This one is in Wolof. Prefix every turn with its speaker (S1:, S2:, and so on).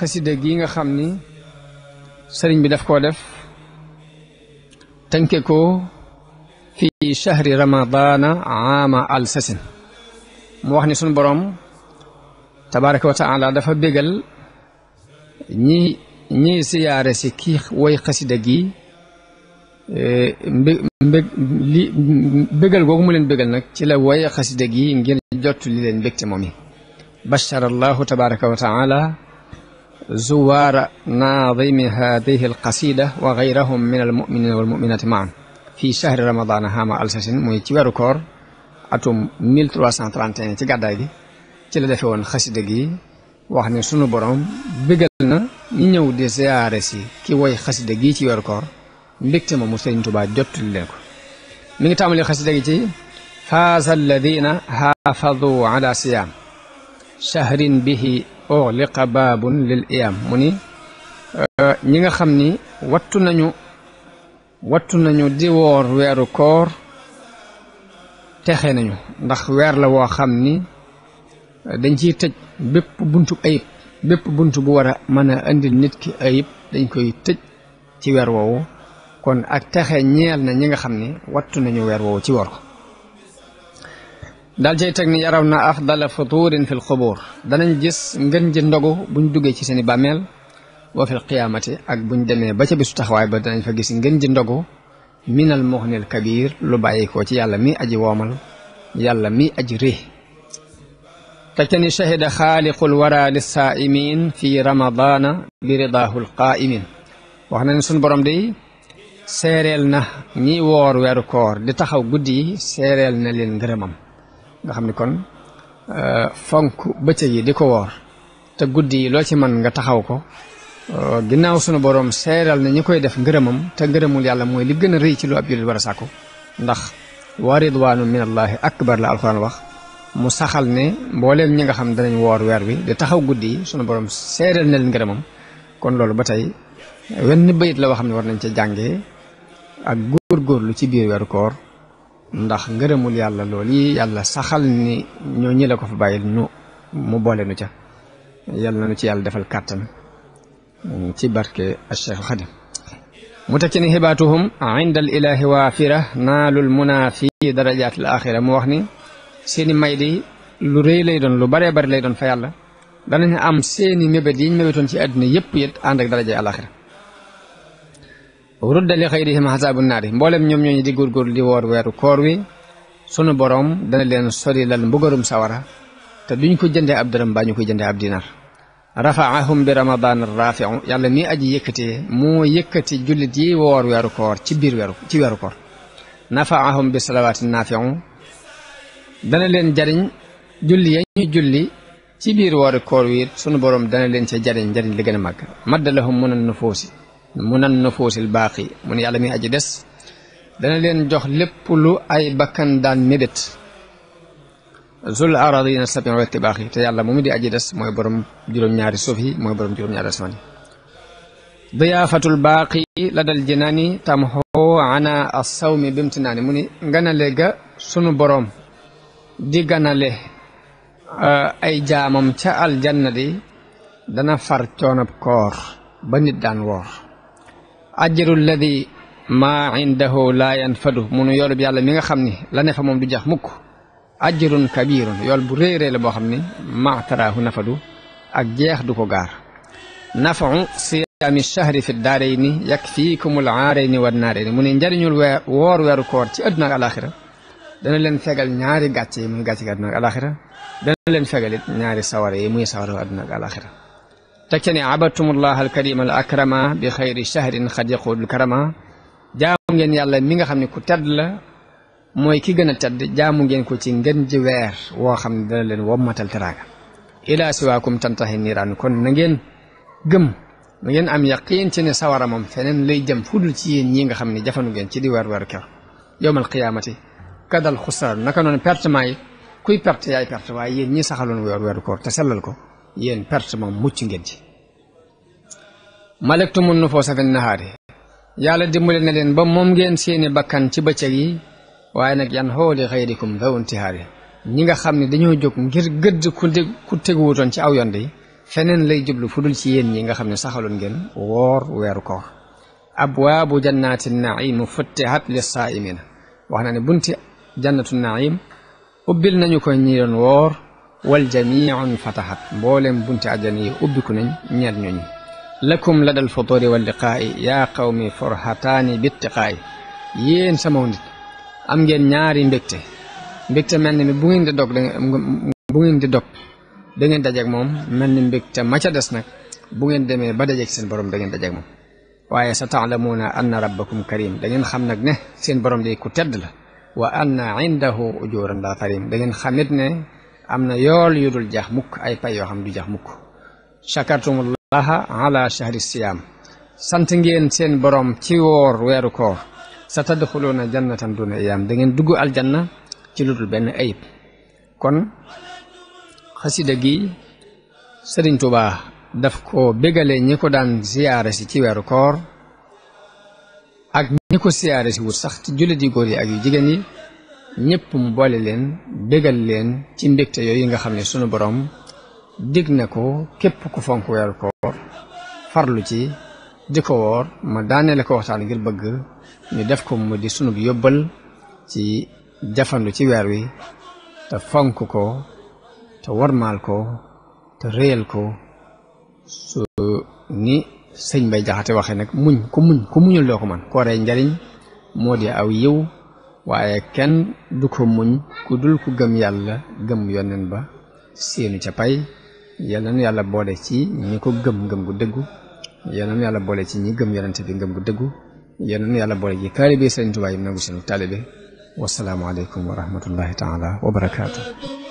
S1: xasida gi nga xam ni sëriñ bi def koo def tënke ko fi chahri ramadana aama al sasin mu wax ni sunu boroom tabaraka wa taala dafa bégal ñi ñi si kii woy xasida gi e, mbé mbé li googu mu leen bégal nag ci la woy xasida gi ngir jot li leen bégte moom yi allahu tabaraka wa زوار ناظم هذه القصيدة وغيرهم من المؤمنين والمؤمنات معا في شهر رمضان هاما ألساسين مي تيوارو كور أتوم 1331 تقعد دايدي تلا دفعون خسيدكي وحن سنو بروم بيقلنا نيو دي زياريسي كي وي خسيدكي تيوارو وركور بيكتما مسلين توبا جبت لنكو من تعمل خسيدكي فاز الذين حافظوا على صيام shahrin bihi ughliqa baabun lil iyam mu ni euh, ñi nga xam ni wattu nañu wattu nañu di woor weeru koor texe nañu ndax weer la woo xam ni dañ ciy tëj bépp buntu ayib bépp bunt bu war a mën a indil nit ki ayib dañ koy tëj ci weer woowu kon ak texe ñeel na ñi nga xam ni wattu nañu weer woowu ci woor ko dal jey tek ni yarawna afdal futur fi al lxubuur danañ gis ngeen ji ndogo buñ duggé ci seni bamél wa fi al qiyamati ak buñ démé ba ca bisu taxawaay ba danañ fa gis ngeen ji ndogo min al muhni al kabir lu baye ko ci yàlla mi aji womal yàlla mi aji rée teg te ni shahida xaaliqul wara lissaa'imin fi ramadana bi ridaahu lqaa'imin wax na ne suñ borom day seereel na ñi woor weeru koor di taxaw guddi yi na leen ngërëmam nga xam ni kon euh, fonk bëccëg yi di ko woor te guddi yi loo ci mën nga taxaw ko euh, ginnaaw sunu boroom seeral ne ñi koy def ngërëmam te ngërëmul yàlla mooy li gën a rëy ci lu ab jullit war a sàkku ndax wa ridwaanu minallaahi akbar la alxuraan wax mu saxal ne mbooleem ñi nga xam danañ woor weer bi di taxaw guddi yi sunu boroom seeral ne leen ngërëmam kon loolu ba tey wenn bayit la boo xam ne war nañ ca jànge ak góor lu ci biir weeru koor ndax ngërëmul yàlla lool yi yàlla saxal ni ñoo ñi ko fa bàyyil ñu mu boole nu ca yàlla nu ci yàlla defal kàttan mm, ci barke Cheikh Xadim mu teg ci ni xibaatuhum inda al ilahi waafira naalul muna fi darajaat al axira mu wax ni seeni may di lu rëy lay doon lu baree bari lay doon fa yàlla danañ am seeni mébét yiñ mébétoon ci àdduna yëpp yët ànd ak daraja al axira rudda li xayrihim xasaabu naari mboolem ñoom ñooñu di góorgóorlu di woor weeru koor wi sunu boroom dana leen sori lal mbugarum sawara te duñ ko jëndee ab dërëm baa ñu ko jëndee ab dinar rafaahum bi ramadan rafiu yàlla mi aji yëkkatee moo yëkkati jullit yi woor weeru koor ci biir weeru ci weeru koor nafaahum bi salawaati nafiu dana leen jariñ julli ya ñu julli ci biir wooru koor wi sunu boroom dana leen ca jariñ jariñ li gën a màgg maddalahum mun an nufuusi munan nufusil baqi mun yalla mi aji des dana len jox lepp lu ay bakkan dan mébét zul aradina sabin wa tibaqi te yalla di aji des moy borom juróom-ñaari suuf moy borom juróom-ñaari asmaan diyafatul baqi ladal jinani tamhu ana assawmi bimtinaani mu ni ga sunu borom di ganale eh, ay jaamam ca aljanna di dana far cionab koor ba nit daan ajru alladi maa indahu laa yanfadu munu yoolub yàlla mi nga xam ni la ne fa moom du jax mukk ajrun kabirun yool bu réerée la boo xam ni maataraahu nafadu ak jeex du ko gaar nafahu siyaami shahri fi daarayni yakfiikumul aarayni wa naarayni mu ne njariñul weer woor weeru koor ci àdduna ak alaxira dana leen fegal ñaari gàcce yi muy gàcce gi àdduna ak alaxira dana leen fegal it ñaari sawara yi muy sawara àdduna ak alaxira تكني عبدتم الله الكريم الأكرم بخير شهر خد يقول الكرم جامو ген يالا ميغا خامني كو تاد لا موي كي غنا تاد جامو ген كو تي نغن جي وير و خامني دا لين وماتال تراغا الى سواكم تنتهي النيران كون نغن گم نغن ام يقين تي ني سوار مام فنن لي جم فودل تي يين نيغا خامني جافانو ген تي دي وير وير كيو يوم القيامه كذا الخسار نكا نون كوي بيرت ياي بيرت واي يين ني ساخالون وير وير كور تسلل كو yéen perte moom mucc ngeen ci malektu mun nu foo safin nahaari yàlla dimbale na leen ba moom ngeen seeni bakkan ci bëccëg yi waaye nag yan xooli xayrikum daw intihaari ñi nga xam ne dañoo jóg ngir gëdd ku dég ku ci aw yoon yi feneen lay jublu fu dul ci yéen ñi nga xam ne saxaloon ngeen woor weeru koor abwaabu jannati naim futtihat li saa'imina wax na ne bunti na naim ubbil nañu ko ñi doon woor والجميع انفتحت بولم بنت عجني أبكن نيرنيني لكم لدى الفطور واللقاء يا قومي فرحتان بالتقاء يين سموندك أم جن ناري بكت بكت من بوين دوك بوين دوك دنين دجاج موم من بكت ما تدسنك بوين دمي بدجاج سن بروم دنين دجاج موم waaye sa taclamuuna anna rabbakum karim dangeen xam nag ne seen borom day ku tedd la wa anna indahu ujuuran la karim dangeen amna yol yudul jahmuk jax mukk ay pay yo xam du jax mukk ala shahri siyam sant ngeen seen borom ci wor weeru ko satadkhuluna jannatan duna ayyam da ngeen al janna ci lu ben ayib kon khasida gi serigne touba daf ko begalé ñi ko daan siyaare si ci wéru koor ak ñi ko si wut sax ci jullit yi goor yi ak yu jigéen yi ñëpp mu boole leen bégal leen ci mbégte yooyu nga xam ne sunu borom dig na ko képp ku fonk weeru koor farlu ci di ko woor ma daaneele ko waxtaan ngir bëgg ñu def ko mu di sunub yóbbal ci jafandu ci weer wi te fonk ko te warmaal ko te réyal ko su ni sëñ bay jaxate waxe nag muñ ku muñ ku muñul doo ko man kooree njariñ moo di aw yiw waaye kenn du ko muñ ku dul ku gëm yàlla gëm yonen ba seenu ca pay yàlla yàlla boole ci ñi ko gëm ngëm gu dëggu yàlla yàlla boole ci ñi gëm yonente bi ngëm gu dëggu yàlla yàlla boole ci taalibe Sëriñ Tuubaa yi nangu seenu taalibe wasalaamualeykum wa rahmatullahi taala wa